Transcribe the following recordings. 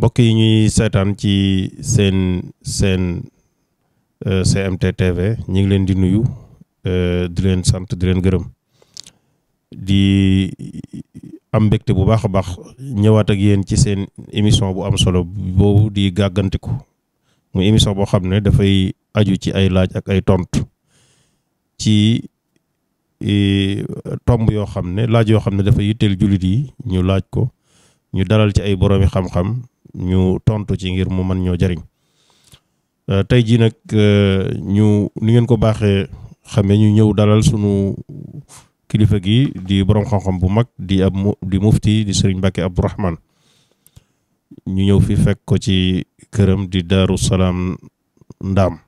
mbokk yi ñuy seetaan ci seen seen GMT euh, TV ñu ngi leen di nuyu euh, di leen sant di leen gërëm di am mbégte bu baax a baax ñëwaat ak yéen ci seen émission bu am solo boobu di gàggantiku mu émission boo xam ne dafay aju ci ay laaj ak ay tontu ci e, tomb yoo xam ne laaj yoo xam ne dafa yitteel jullit yi ñu laaj ko ñu dalal ci ay boroomi xam-xam ñu tontu ci ngir mu man ñoo jariñ euh, tey jii nag euh, ñu ni ngeen ko baaxee xamee ñu ñëw dalal sunu kilifa gi di borom xam-xam bu mag di ab di mufti di Serigne Mbacké Abdourahmane ñu ñëw fi fekk ko ci këram di Daaru Salaam Ndaam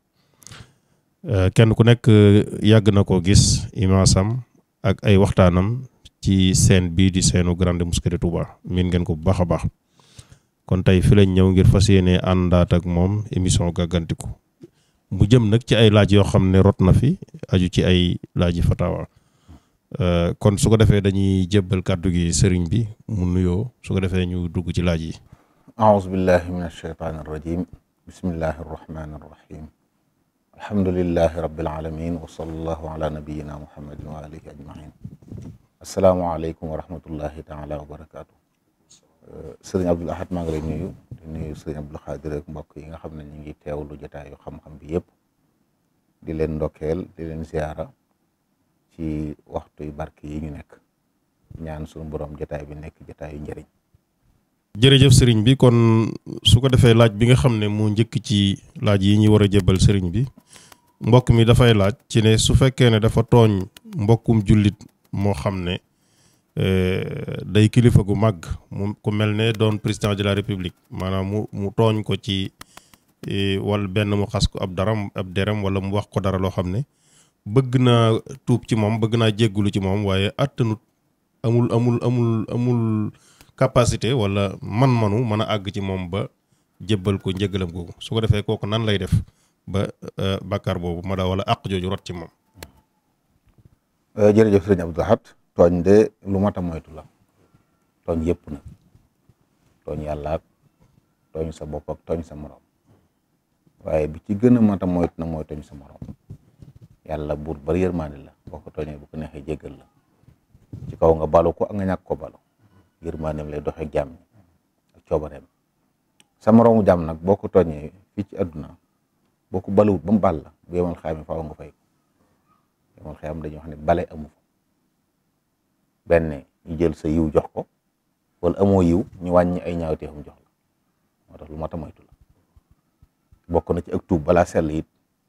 euh, kenn ku nekk yàgg na ko gis imaasam ak ay waxtaanam ci seen bii di seenu Grande Mosquée de Touba miin ngeen ko bu baax a baax kon tey fi lañ ñëw ngir fas yéene àndaat ak moom émission gàggantiku mu jëm nag ci ay laaj yoo xam ne rot na fi aju ci ay laaji fatawa euh, kon su ko defee dañuy jébbal kàddu gi sëriñ bi mu nuyoo su ko defee ñu dugg ci laaj yi aouzu billahi min alcheytaan arrajim bismillahi arrahmani arrahim alhamdulillahi rabbil alamin wa sallallahu ala nabiyina sëriñ Abdul Ahad maa ngi lay nuyu di nuyu sëriñ Abdul Xaadir mbokk yi nga xam ne ñu ngi teewlu jotaayu xam-xam bi yëpp di leen ndokkeel di leen ziara ci waxtu yu barke yi ñu nekk ñaan sunu borom jotaay bi nekk jotaayu njëriñ. jërëjëf sëriñ bi kon su ko defee laaj bi nga xam ne moo njëkk ci laaj yi ñuy war a jébal sëriñ bi mbokk mi dafay laaj ci ne su fekkee ne dafa tooñ mbokkum jullit moo xam ne. day kilifa gu màgg mu ku mel ne doon président de la république maanaam mu mu tooñ ko ci e, wala benn mu xas ko ab daram ab deram wala mu wax ko dara loo xam ne bëgg naa tuub ci moom bëgg naa jéggulu ci moom waaye attanut amul amul amul amul capacité wala man-manu mën a àgg ci moom ba jébbal ko njëggalam googu su ko defee kooku nan lay def ba e, bàkkaar boobu ma daa wala àq jooju rot ci moom euh, jërëjëf sëriñ tooñ de lu mata a la tooñ yëpp nag tooñ yàlla ak tooñ sa bopp tooñ sa morom waaye bi ci gën a mat a moytu nag mooy tooñ sa morom yàlla buur bari yërmaande la boo ko tooñee bu ko neexee jéggal la ci kaw nga balu ko ak nga ñàkk ko balu yërmaandeem lay doxe jàmm ak coobareem sa moroomu jàmm nag boo ko tooñee fii ci àdduna boo ko baluwut ba mu bal la bu yemal xayma faaw nga fay yemal xayma dañuy wax ne bale amu fa benn ñu jël sa yiw jox ko wala amoo yiw ñu wàññi ay ñaawteefam jox la moo tax lu mat a bokk na ci ak tuub balaa sell it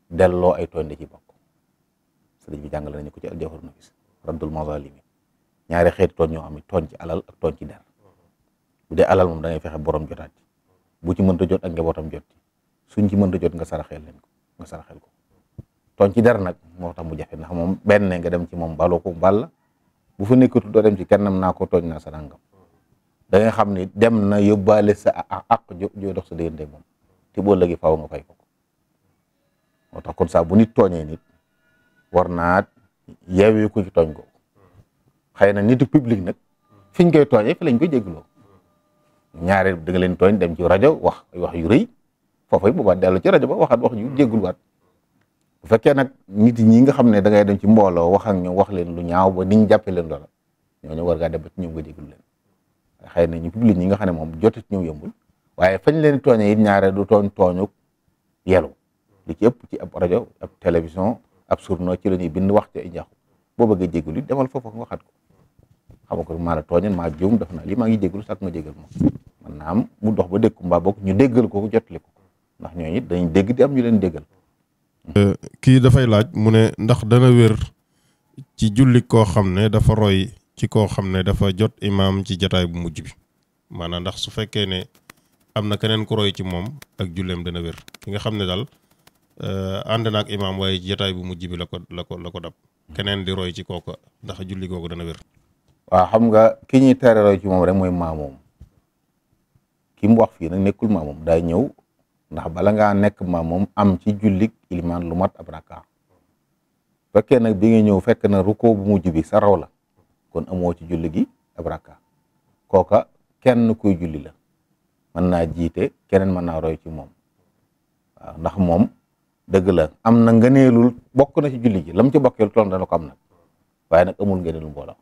delloo ay tooñ da ci bokk sëriñ bi jàngale nañu ko ci Jawharun Nafis raddul mazalimi ñaari xeeti tooñ ñoo xam ne tooñ ci alal ak tooñ ci der bu alal moom fexe borom jotaat ci bu ci mënta jot ak njabootam jot suñ ci mënta jot nga saraxeel leen ko nga saraxeel ko tooñ ci der nag moo tax mu jafe ndax moom benn nga dem ci moom baloo ko bal bu fa nekkatul doo dem ci kennam naa ko tooñ naa sa nangam da nga xam ni dem na yóbbaale sa àq joo dox sa diggante moom te boo léegi faaw nga fay ko moo tax kon saa bu nit tooñee nit war naa yeewee ko ci tooñ ko xëy na nitu public nag fiñ koy tooñ fi lañ koy jégloo ñaareel da nga leen tooñ dem ci rajo wax wax yu rëy foofay boobaa dellu ci rajo ba waxaat wax ju jégluwaat bu fekkee nag nit ñi nga xam ne da ngay dem ci mbooloo wax ak ñoom wax leen lu ñaaw ba ni ñu jàppee leen loola ñooño war ngaa dem ba ci ñoom nga jéglu leen xëy na ñu public ñi nga xam ne moom jot ci ñoom yombul waaye fañ leen tooñee it ñaare du tooñ tooñu yelu li ci ëpp ci ab rajo ab télévision ab journaux ci la ñuy bind wax ci ay njaaxu boo bëggee jégalu it demal foofu nga xat ko xam nga ko maa la tooñoon maa juum def na lii maa ngi jégalu sàkk nga jégal moom man naa am mu dox ba dégg mbaa bokk ñu déggal ko jotali ko ndax ñooñu it dañuy dégg di am ñu leen déggal Euh, kii dafay laaj mu ne ndax dana wér ci julli koo xam ne dafa roy ci koo xam ne dafa jot imaam ci jataay bu mujj bi maanaam ndax su fekkee ne am na keneen ku roy ci moom ak julleem dana wér ki nga xam ne daal euh, ànd naak imaam waaye jataay bu mujj bi la ko la la ko dab keneen di roy ci kooka ndax julli kooku dana wér waaw xam nga ki ñuy tere roy ci moom rek mooy maamoom ki mu wax fii nag nekkul maamoom daa ñëw ndax bala ngaa nekk ma moom am ci jullik ilimaan lu mat ab raka fekkee nag bi nga ñëw fekk na ruko bu mujj bi sa la kon amoo ci julli gi ab raka kooka kenn kuy julli la mën naa jiite keneen mën naa roy ci moom waaw ndax moom dëgg la am na nga ngëneelul bokk na ci julli gi lam ci bokkee lu toll dana ko am nag waaye nag amul ngëneelul mbooloo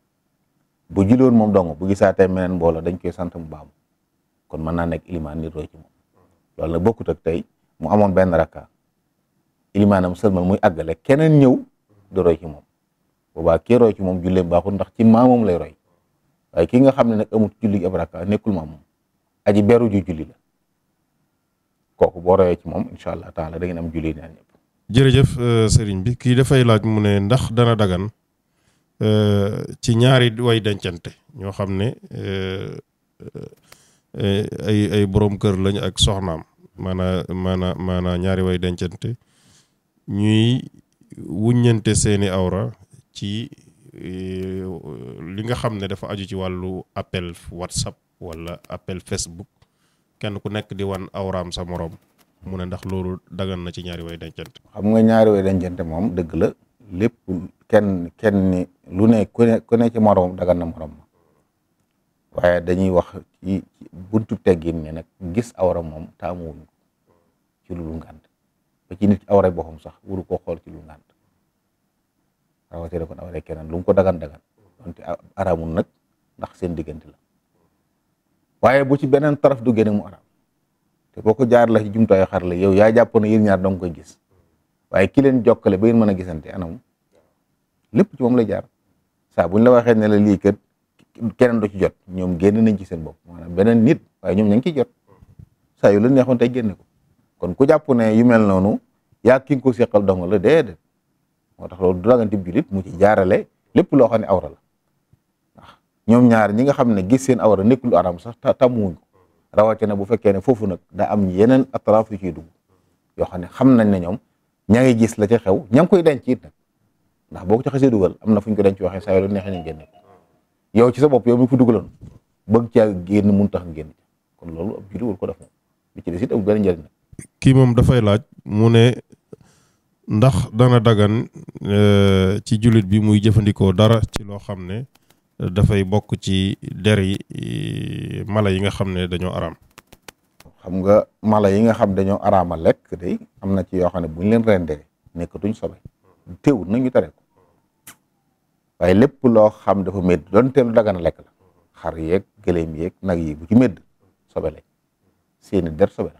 bu julloon moom dong bu gisaatee meneen mbooloo dañ koy sant mu baam kon mën naa nekk ilimaan nit roy ci moom loolu nag bokkut ak tey mu amoon benn rakka ilimaanam sëlmal muy àggale keneen ñëw di roy ci moom boobaa kii roy ci moom julleem baaxul ndax ci maamam lay roy waaye ki nga xam ne nag amut julli ab rakka nekkul maamam aji beru ju julli la kooku boo royee ci moom incha allah taala da ngeen am julli naan jërëjëf euh, sëriñ bi kii dafay laaj mu ne ndax dana dagan euh, ci ñaari way dencante ñoo xam ne. Euh, Eh, ay ay borom kër lañ ak soxnaam maanaa maanaa maanaa ñaari way dencante ñuy wuññante seeni awra ci eh, li nga xam ne dafa aju ci wàllu appel whatsapp wala appel facebook kenn ku nekk di wan awraam sa morom mu ne ndax loolu dagan na ci ñaari way dencante xam nga ñaari way dencante moom dëgg la lépp kenn kenn lu ne ku ne ku ne morom dagan na morom waaye dañuy wax ci buntu teggin ne nag gis awra moom taamuwuñ ko ci lu ngànt ba ci awara ki sax wuru ko xool ci lu ngànt rawatina kon awra keneen lu ko dagan dagan donte araamul nag ndax seen diggante la waaye bu ci beneen taraf du génne mu te boo ko jaar la ci jumtaayu xar la yow yaa jàpp ne yéen ñaar dong koy gis waaye ki leen jokkale ba ngeen mën a gisante anam lépp ci moom la jaar saa buñ la waxee ne la keneen du ci jot ñoom génn nañ ci seen bopp maanaam beneen nit waaye ñoom ña ngi jot saa yu la neexoon tey génne ko kon ku jàpp ne yu mel noonu yaa ki nga ko seqal dong la déedéet moo tax loolu du dagantib julit mu ci jaarale lépp loo xam ne awra la ndax ñoom ñaar ñi xam ne gis seen awra nekk lu araam sax tàmmuwuñ ko rawatina bu fekkee ne foofu nag daa am yeneen atraaf yu ciy dugg yoo xam ne xam nañ ne ñoom ña ngi gis la ca xew ña ngi koy denc it nag ndax boo ko ci xasee dugal am na fu ko denc waxee saa yu la génne yow ci sa bopp yow mi ko dugaloon bëgg caa génn mun tax génn kon loolu ab jullit war ko dafa moom ci des it amul kii moom dafay laaj mu ne ndax dana dagan e, ci jullit bi muy jëfandikoo dara ci loo xam ne dafay bokk ci der yi e, mala yi nga xam ne dañoo araam. xam nga mala yi nga xam dañoo araama lekk day am na ci yoo xam ne bu ñu leen rendee nekkatuñ sobe teewul nañu tere waaye lépp loo xam dafa médd donte lu dagan lekk la xar yeeg gëléem yeeg nag yi bu ci médd sobe seeni der sobe la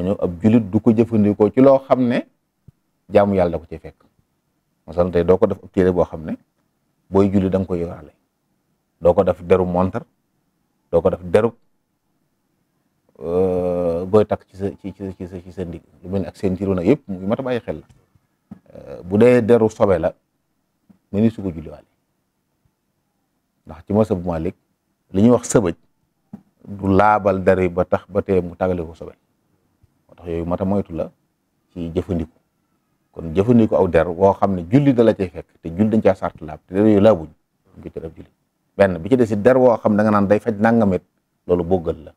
ñooñu ab julit du ko jëfandikoo ci loo xam ne jaamu yàlla da ko ci fekk masalan tey doo ko def ab téere boo xam ne booy julli da nga koy yoraale doo ko def deru montar doo ko def deru euh, booy takk ci sa ci ci sa ci sa ndig lu mel ak seen ciru nag yëpp mu mat a bàyyi xel la euh, bu dee deru sobe mu ni su ko julliwaale ndax ci masa bu Malik li ñuy wax sëbëj du laabal dara ba tax ba tee mu tàggale ko sobel moo tax yooyu mata moytu la ci jëfandiku kon jëfandiku aw der woo xam ne julli da la cay fekk te julli dañ caa sart laab te der yooyu laabuñ ko benn bi ci des si der woo xam da nga naan day faj nangamit loolu boggal la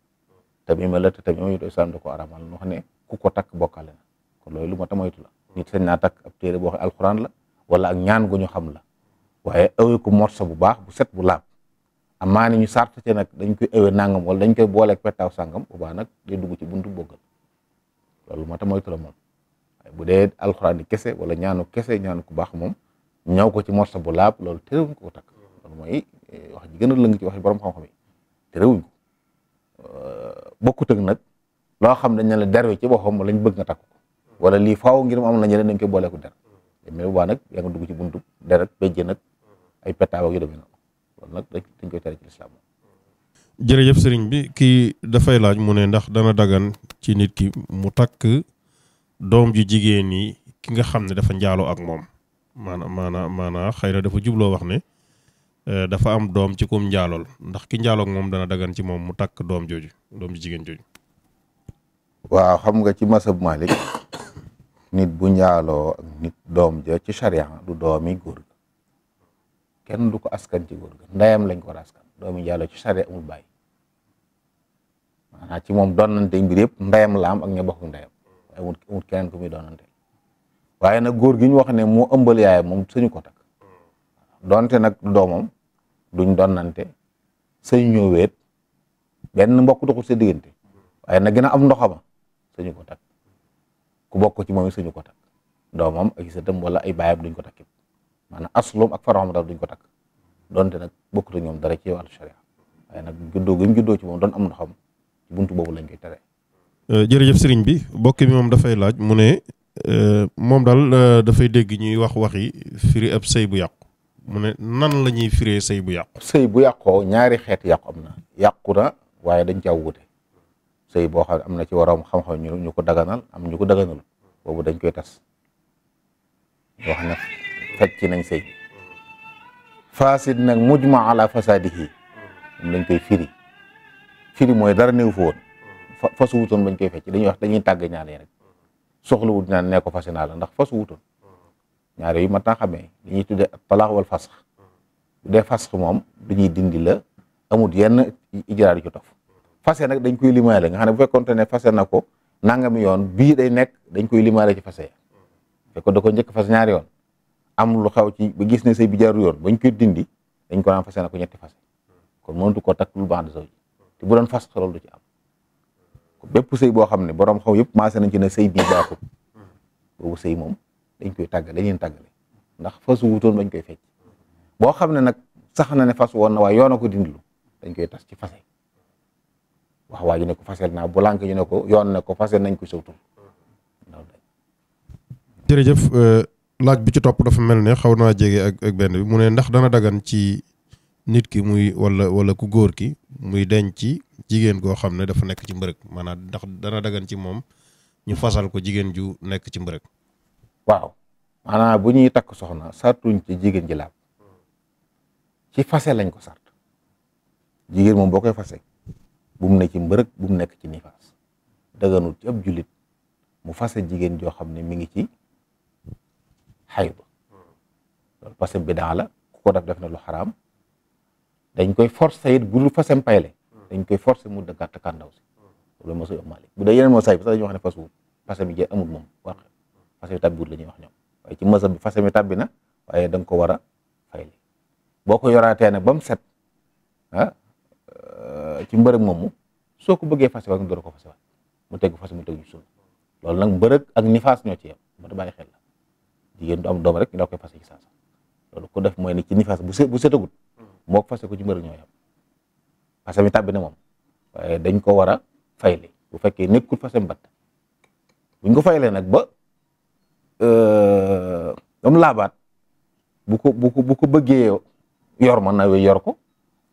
tamima la te tamima yu islam da ko aramal noo xam ne ku ko takk bokkale na kon loolu lu mata moytu la nit sañ naa takk ab téere boo xam alquran la wala ak ñaan gu xam la waaye ëwee ko morso bu baax bu set bu laab amaa ni ñu sart ci nag dañ koy ëwee nangam wala dañ koy booleeg pettaaw sàngam bu baax nag day dugg ci buntu boggal loolu moo tax moytu la moom waaye bu kese wala ñaanu kese ñaanu ku baax moom ñaw ko ci morso bu laab loolu terewuñ ko takk mooy eh, wax ji gën a lëng wax borom xam-xam terewuñ ko bokkut nag loo xam dañ ne la derwe ci boppam lañ bëgg nga takk ko wala lii faaw ngir mu am na leen dañ koy booleeku der mais bu nag yaa nga dugg ci buntu deret béjjee nag ay pétaaw ak yu demee nag dañ koy tere ci jërëjëf sëriñ bi kii dafay laaj mu ne ndax dana dagan ci nit ki mu takk doom ju jigéen yi ki nga xam ne dafa njaaloo ak moom maanaam maanaam maanaam xëy na dafa jubloo wax ne eh, dafa am doom ci koom njaalool ndax ki njaaloo ak moom dana dagan ci moom mu takk doom jooju doom ju jigéen jooju waaw xam nga ci masab maalik nit bu njaaloo ak nit doom ja ci charia du doomi góor ga kenn du ko askan ci góor ga ndeyam lañ ko war askan doomi njaaloo ci charia amul bàyyi maanaam ci moom doonante mbir yëpp ndeyam la am ak ña bokk ndeyam waaye amul amul keneen ku muy doonante waaye nag góor gi ñu wax ne moo ëmbal yaayam moom suñu ko takk donte nag doomam duñ doonante sëñ ñëwéet benn mbokk doxul sa diggante waaye nag gën a am ndoxama suñu ko takk ku bokk ci moom it suñu ko takk doomam ak sëtam wala ay baayam duñ ko takk maanaam aslum ak faroxam daal duñ ko takk donte nag bokkatu ñoom dara ci wàllu sharia waaye nag juddoo gi mu ci moom doon am ndoxam ci buntu boobu lañ koy tere. Euh, jërëjëf sëriñ bi bokk bi moom dafay laaj mu ne euh, moom daal euh, dafay dégg ñuy wax waxi firi ab sëy bu yàqu mu ne nan la ñuy firee sëy bu yàqu. sëy bu yàqoo ñaari xeet yàq am na yàqu na waaye dañ caa wute sëy boo xam am na ci waroom xam-xam ñu ko daganal am ñu ko daganal boobu dañ koy tas yoo xam ne fecc nañ sëy fasid nag muj ma ala fasadihi moom lañ koy firi firi mooy dara néew fa woon fasu wutoon bañ koy fecc dañuy wax dañuy tàgg ñaar yi rek soxla wut naan nee ko ndax fasu wutoon ñaar yooyu ma taa xamee li ñuy tuddee talaax wal fasax bu dee moom dañuy dindi la amut yenn ijraar yu ci tof fase nag dañ koy limaale nga xam ne bu fekkoonte ne fase na ko nangami yoon bii day nekk dañ koy limaale ci fase ya fekkoon da ko njëkk fase ñaari yoon am lu xaw ci ba gis ne say bi jaarul yoon bañ koy dindi dañ ko naan fase na ko ñetti fase kon mënatu ko takk lu baax de sawji te bu doon fas loolu du ci am bépp sëy boo xam ne borom xaw yëpp maase nañ ci ne sëy bii baaxul boobu sëy moom dañ koy tàggale dañ leen tàggale ndax fasu wutoon bañ koy fecc boo xam ne nag sax na ne fas woon na waaye yoon a ko dindilu dañ koy tas ci fase wax waa ji ne ko fasel naa bu ñu ne ko yoon ne ko fasel nañ ko sawtu jërëjëf euh, laaj bi ci topp dafa mel ne xaw naa jege ak benn bi mu ne ndax dana dagan ci nit ki muy walla wala ku góor ki muy deñ ci jigéen goo xam ne dafa nekk ci mbërëg maanaam ndax dana dagan ci moom ñu fasal ko jigéen ju nekk ci mbërëg waaw maanaam bu ñuy takk soxna sartuñ ci jigéen ji laab ci fase lañ ko sart jigéen moom boo koy fase bu mu ne ci mbërëg bu mu nekk ci nifaas daganul ci ab jullit mu fase jigéen joo xam ne mi ngi ci xay loolu parce que bidaa la ku ko def def na lu xaraam dañ koy forcer it bu dul fasem payle dañ koy forcer mu dëggaat kàndaw si loolu mosu bu dee yeneen mosaay bi sax dañuy wax ne fas wu fase mi jeex amul moom wax fase mi tàbbiwut la ñuy wax ñoom waaye ci masa bi fase mi tàbbi na waaye dang nga ko war fayle boo ko yoraatee nag ba set ah, Euh, ci mbërëg moomu soo ko bëggee fase waat nga door ko fase waat mu tegu fase mu tegu ci sunna loolu nag mbërëg ak nifaas ñoo ci yem ba ta bàyyi xel la jigéen du doom rek ñu daa koy fase ci saasa loolu ko def mooy ne ci nifaas bu bu setagut moo ko fase ko ci mbërëg ñoo yem fase mi tàbbi na moom waaye dañ ko war a fayle bu fekkee nekkul fase mbatt buñ ko faylee nag ba euh, am laabaat bu ko bu ko bu ko bëggee yor man na yor ko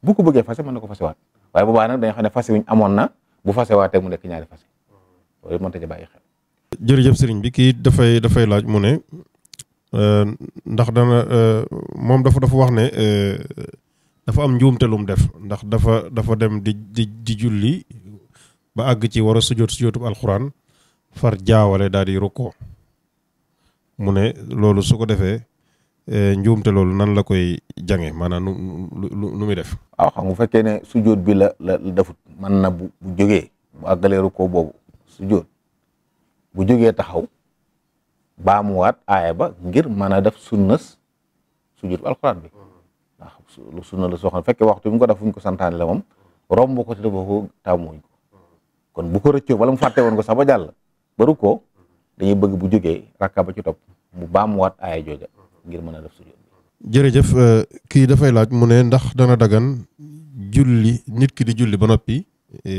bu ko bëggee fase mën na ko fasewaat waaye boobaa nag dañu xam ne fase wuñ amoon na bu fasewaatee mu nekk ñaari fase loolu mënta ci bàyyi xel. jërëjëf sëriñ bi kii dafay dafay laaj mu ne euh, ndax dana euh, moom dafa dafa wax ne euh, dafa am njuumte lu mu def ndax dafa dafa dem di di di julli ba àgg ci war a sujjóot sujjóotub alxuraan far jaawale daal di rukkoo mu ne loolu su ko defee. Eh, njuumte loolu nan la koy jange maanaam nu nu nu muy def. waaw ah, xam nga bu fekkee ne sujjóot bi la la defut mën na bu bu jógee bu àggaleeru ko boobu sujjóot bu jógee taxaw baamuwaat aaya ba ngir mën a def sunnas sujjóot bu alxuraan bi ndax sunna la soo xam ne fekkee waxtu bi mu ko def fu ko santaane la moom romb ko te dafa ko taamuwuñ ko kon bu ko rëccoo wala mu fàtte woon ko sax ba jàll baru ko dañuy bëgg bu jógee rakka ba ci topp mu baamuwaat aaya jooja. ngir mën a def sujjóot bi jërëjëf euh, kii dafay laaj mu ne ndax dana dagan julli nit ki di julli ba noppi e,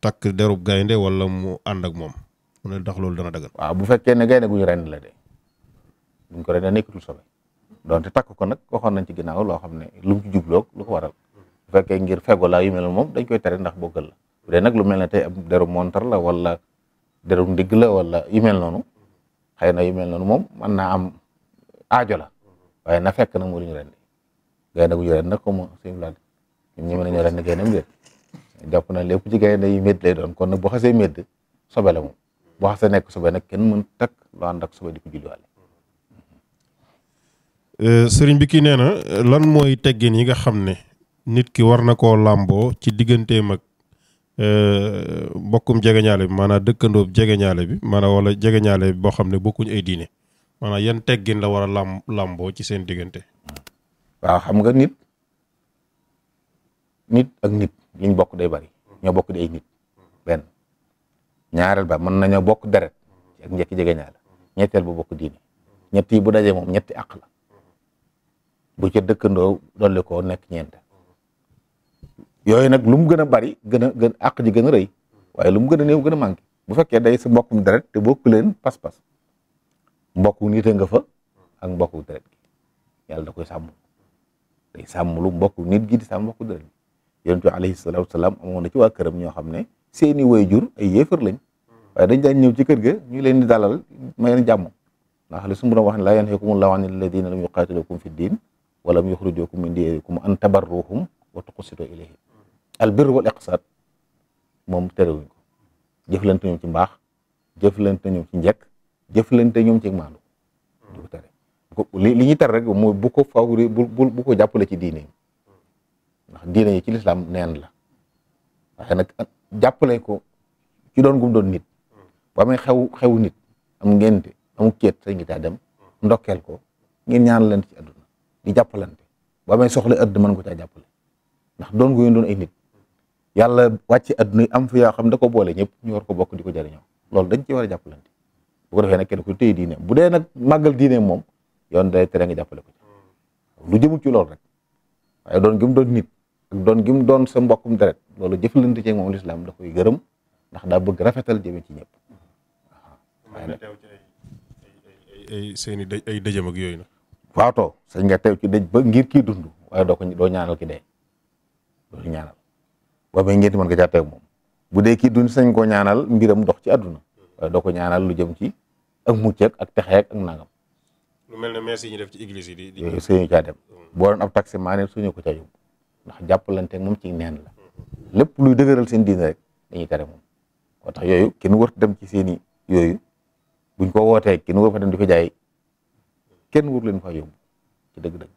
takk derub gaynde wala mu ànd ak moom mu ne ndax loolu dana dagan waaw bu fekkee ne gaynde gu ñu rend la de duñ ko rend nekkatul sobe donte takk ko nag waxoon nañ ci ginnaaw loo xam ne lu mu lu ko waral bu fekkee ngir fego laa yu mel moom dañ koy tere ndax boggal la bu dee nag lu mel ne tey ab deru montar la wala deru ndigg la wala yu mel noonu xëy na yu mel noonu moom mën naa am aajo la waaye na fekk nag moo lu ñu rendi gaynde gu ñu rendi nag comme suñu laaj ñoom ñi mën nañu na lépp ci gaynde yi médd lay doon kon nag boo xasee médd sobe la moom boo xasee nekk sobe nag kenn mën takk loo ànd ak sobe di ko julliwaale euh, sëriñ bi ki nee na lan mooy teggin yi nga xam ne nit ki war na koo làmboo ci digganteem ak mbokkum euh, jegeñaale bi maanaam dëkkandoo jege ñaale bi maanaam wala jegeñaale bi boo xam ne bokkuñ ay diine maanaam yan teggin la war a làmb làmboo ci seen diggante. waaw xam nga nit nit ak nit li bokk day bari ñoo bokk di ay nit benn ñaareel ba mën nañoo bokk deret ci ak njëkk jege ñaar ñetteel ba bokk diini ñetti yi bu dajee moom ñetti àq la bu ce dëkkandoo dolli ko nekk ñeent yooyu nag lu mu gën a bari gën a gën àq ji gën a rëy waaye lu mu gën a néew gën a manqué bu fekkee day sa mbokkum deret te bokk leen pas-pas mbokku nit a nga fa ak mbokku deret gi yàlla da koy sàmm day sàmm lu mbokku nit gi di sàmm mbokku deret gi yonent bi alayhi salaatu wasalaam amoon na ci waa këram ñoo xam ne seeni waajur ay yéefar lañ waaye dañ daan ñëw ci kër ga ñu leen di dalal may leen jàmm ndax li suñu borom wax ne laa yanhaakumullahu ani alladina lam yuqaatilukum fi ddin wa lam yuxrijukum min diyarikum an tabarruhum wa tuqsitu ilayhim al birru wal iqsaad moom terewuñ ko jëflante ñoom ci mbaax jëflante ñoom ci njëkk jëflante ñoom ci maandu mm. du ko tere li li ñuy rek mooy bu ko favori bu bu ko jàppale ci diine mm. ndax yi ci lislaam neen la waaye nag ah, jàppale ko ci doon gum doon nit mm. ba amee xew xewu nit am ngénte am kéet sañ ngi taa dem ndokkeel ko ngeen ñaan ñaanalante ci àdduna di jàppalante ba amee soxla ëdd mën ko caa jàppale ndax doon gu ñu doon ay nit yàlla wàcce àdduna am fi yoo xam da ko boole ñëpp ñu war ko bokk di ko jëriñoo loolu dañ ci war a jàppalante bu ko defee nag kenn ku bu dee nag màggal diine moom yoon day tere nga jàppale ko ci lu jëmul ci loolu rek waaye doon gi doon nit ak doon gi mu doon sa mbokkum deret loolu jëflante ci moom lislaam da koy gërëm ndax daa bëgg rafetal jëme ci ñëpp ay ay dëjëm ak yooyu nag waaw too nga teew ci dëj ba ngir kii dund waaye doo ko doo ñaanal ki dee doo ñaanal waaye ngeen mën nga caa teew moom bu dee kii dund sañ koo ñaanal mbiram dox ci àdduna Euh, doo ko ñaanal lu jëm ci ak mucc ak ak pexe ak nangam. lu mel ne messe yi ñu def ci église yi di di. suñu mm. boo doon ab suñu ko caa yóbbu ndax jàppalante moom ci neen la lépp luy dëgëral seen diine rek dañuy tere moom. moo tax yooyu kenn warut dem ci seen i yooyu buñ ko wootee kenn warut fa dem di ko jaay kenn warut leen fa yóbbu ci dëgg-dëgg.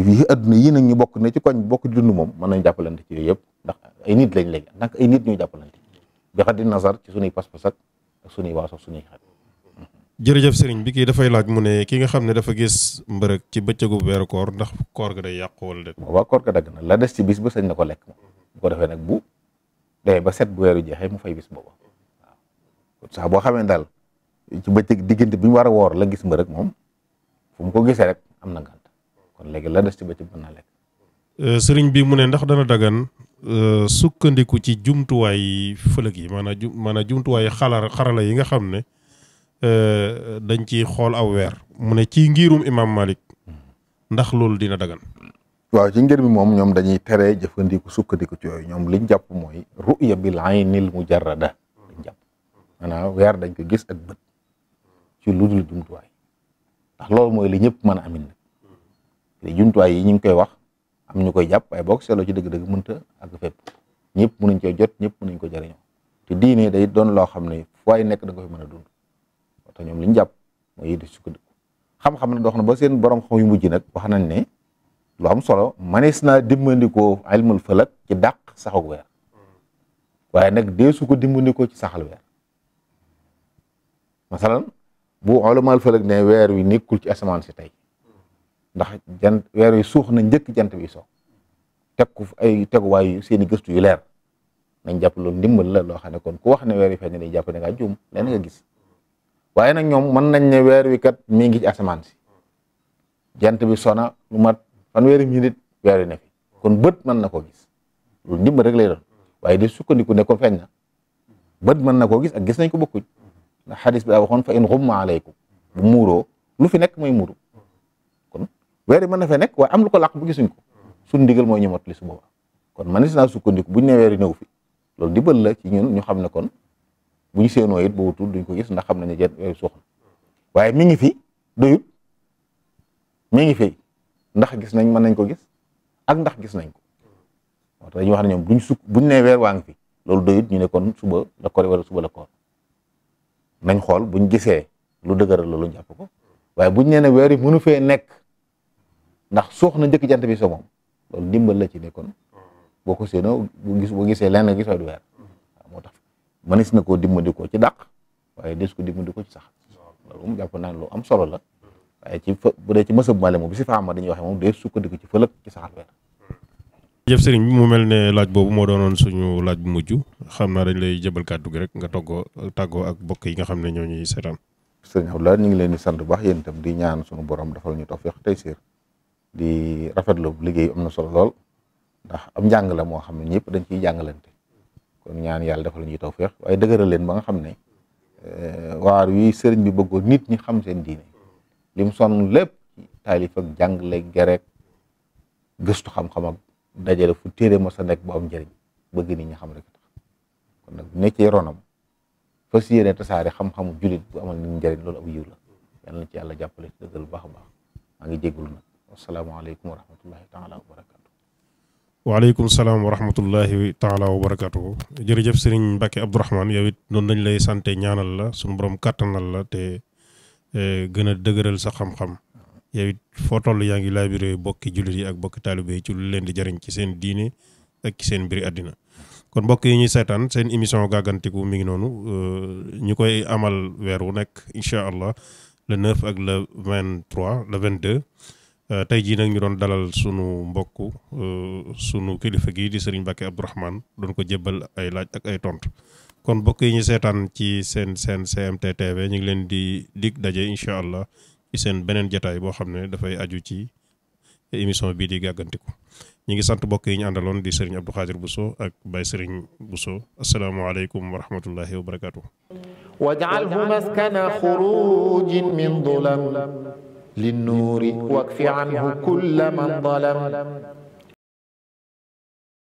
yi adduna yi nag ñu bokk ne ci koñ bokk dund moom mën nañ jàppalante ci yooyu yëpp ndax ay nit lañ léegi ndax ay nit ñuy jàppalante bi xaddi nasar ci suñuy pas-pas ak ak waa sax suñuy xarit. jërëjëf sëriñ bi kii dafay laaj mu ne ki nga xam ne dafa gis mbërëg ci bëccëgu weeru koor ndax koor ga day yàqu wala déet. waaw dagg na la des ci bis ba sañ na ko lekk moom bu defee nag bu dee ba set bu weeru jeexee mu fay bis booba waaw sax boo xamee daal ci bëccëg diggante bi mu war a woor la gis mbërëg moom fu mu ko gisee rek am na ngant kon léegi la des ci bëccëg mën naa lekk. Euh, sëriñ bi mu ne ndax dana dagan euh, sukkandiku ci jumtuwaay fëlëg yi maanaam ju maanaam jumtuwaay xalar xarala yi nga xam ne euh, dañ ci xool aw weer mu ne ci ngirum imam Malik ndax loolu dina dagan waaw ci ngir mi moom ñoom dañuy tere jëfandiku sukkandiku ci yooyu ñoom liñ jàpp mooy ruya bil aynil mujarrada liñ jàpp maanaam weer dañ ko gis ak bët ci lu dul jumtuwaay ndax loolu mooy li ñëpp mën a amin nag jumtuwaay yi ñu ngi koy wax mu ñu koy jàpp waaye boo ko seetloo ci dëgg-dëgg mënta ak fepp ñëpp mënuñ cee jot ñëpp mënuñ ko jëriñoo te diine day doon loo xam ne fu waay nekk da nga fi mën a dund te ñoom li jàpp mooy sukkandiku xam-xam na na ba seen borom xam yu mujj nag wax nañ ne lu am solo manees naa dimbandikoo ilmul falak ci dàq saxug weer waaye nag deesu ko dimbandikoo ci saxal weer masalan bu ulamal falak ne weer wi nekkul ci asamaan si tey ndax jant weer wi suux na njëkk jant bi so teg ko ay teguwaay yu seen i gëstu yu leer nañ jàpp loolu ndimbal la loo xam ne kon ku wax ne weer yi feeñ na jàpp ne ngaa juum leen nga gis waaye nag ñoom mën nañ ne weer wi kat mi ngi ci asamaan si jant bi sona lu mat fanweeri minute weer wi ne fi kon bët mën na koo gis loolu ndimbal rek lay doon waaye di sukkandiku ne ko feeñ na bët mën na koo gis ak gis nañ ko bokkuñ ndax xadis bi daa waxoon fa in lay aleykum bu muuroo lu fi nekk mooy muuru weer yi mën na fee nekk waaye am lu ko làq bu gisuñ ko suñ ndigal mooy ñu mottali su booba kon manis naa sukkandiku buñ ne weeri new néew fi loolu dimbal la ci ñun ñu xam ne kon bu ñu séenoo it boobu tuut duñ ko gis ndax xam nañu jot weer suux na waaye mi ngi fi doyut mi ngi fi ndax gis nañ mën nañ ko gis ak ndax gis nañ ko moo tax dañuy wax ne ñoom duñ sukk buñ ne weer waa ngi fi loolu doyut ñu ne suba la koor wala suba la koor nañ xool buñ gisee lu dëgëral loolu jàpp ko waaye buñ nee ne weer yi mënu fee nekk ndax suux na njëkk jant bi so moom loolu dimbal la ci ne kon boo ko séenoo bu gis boo gisee lenn gisoo du weer waaw moo tax mënees na koo dimbali ko ci dàq waaye des ko dimbali ko ci sax loolu moom naa ne am solo la waaye ci fa bu dee ci mësëb male moom bi si faama dañuy waxe moom dee sukkandiku ci fëlëg ci saxal weer jëf sëriñ bi mu mel ne laaj boobu moo doonoon suñu laaj bu mujj xam naa dañ lay jëbal kàddu gi rek nga toggoo tàggoo ak bokk yi nga xam ne ñoo ñuy seetaan sëriñ Abdoulaye ñu ngi leen di sant bu baax yéen itam di ñaan suñu borom dafal ñu tawfeex tey siir di rafetlu liggéey am na solo lool ndax am njàng la moo xam ne ñëpp dañ ciy jàngalante kon ñaan yàlla defal la ñuy tawfeex waaye dëgëral leen ba nga xam ne euh, waar wi sëriñ bi bëggoo nit ñi xam seen diine lim sonn lépp taalif ak jàngale gereek gëstu xam-xam ak dajale fu téere ma sa nekk bu am njëriñ bëgg nit xam rek tax kon nag nekk ci ronam fas yéene tasaare xam-xamu julit bu amal nit njëriñ loolu ab la yàlla na ci yàlla jàppale ci dëggal baax a baax maa ngi jégalu nag wasalaamualeykum wa rahmatullahi wa barakaatu. waaleykum salaam wa rahmatullahi taala wa barakaatu. jërëjëf sëriñ Mbacke Abdourahmane yow it noonu dañ lay sante ñaanal la sunu borom kàttanal la te e, gën a dëgëral sax xam-xam. yow foo toll yaa ngi laabiré bokki jullit yi ak bokki taalibe yi ci lu leen di jariñ ci seen diine ak ci seen mbiri àddina kon mbokk yi ñuy seetaan seen émission gàggantiku mi ngi noonu e, ñu koy amal weer wu nekk incha allah le 9 ak le la vingt 22. Euh, tey jii nag ñu doon dalal sunu mbokk euh, sunu kilifa gii di sëriñ Mbacke Abdourahmane doon ko jébbal ay laaj ak ay tontu kon mbokk yi ñu seetaan ci seen seen GMT TV ñu ngi leen di dig daje incha allah ci seen beneen jataay boo xam ne dafay aju ci émission bii di gàggantiku ñu ngi sant mbokk yi ñu àndaloon di sëriñ Abdou Khadir Bousso ak Baye sëriñ Bousso asalaamualeykum wa rahmatullahi wa barakaatu. waj'alhu maskana xurujin min dulam للنور واكف عنه كل من ظلم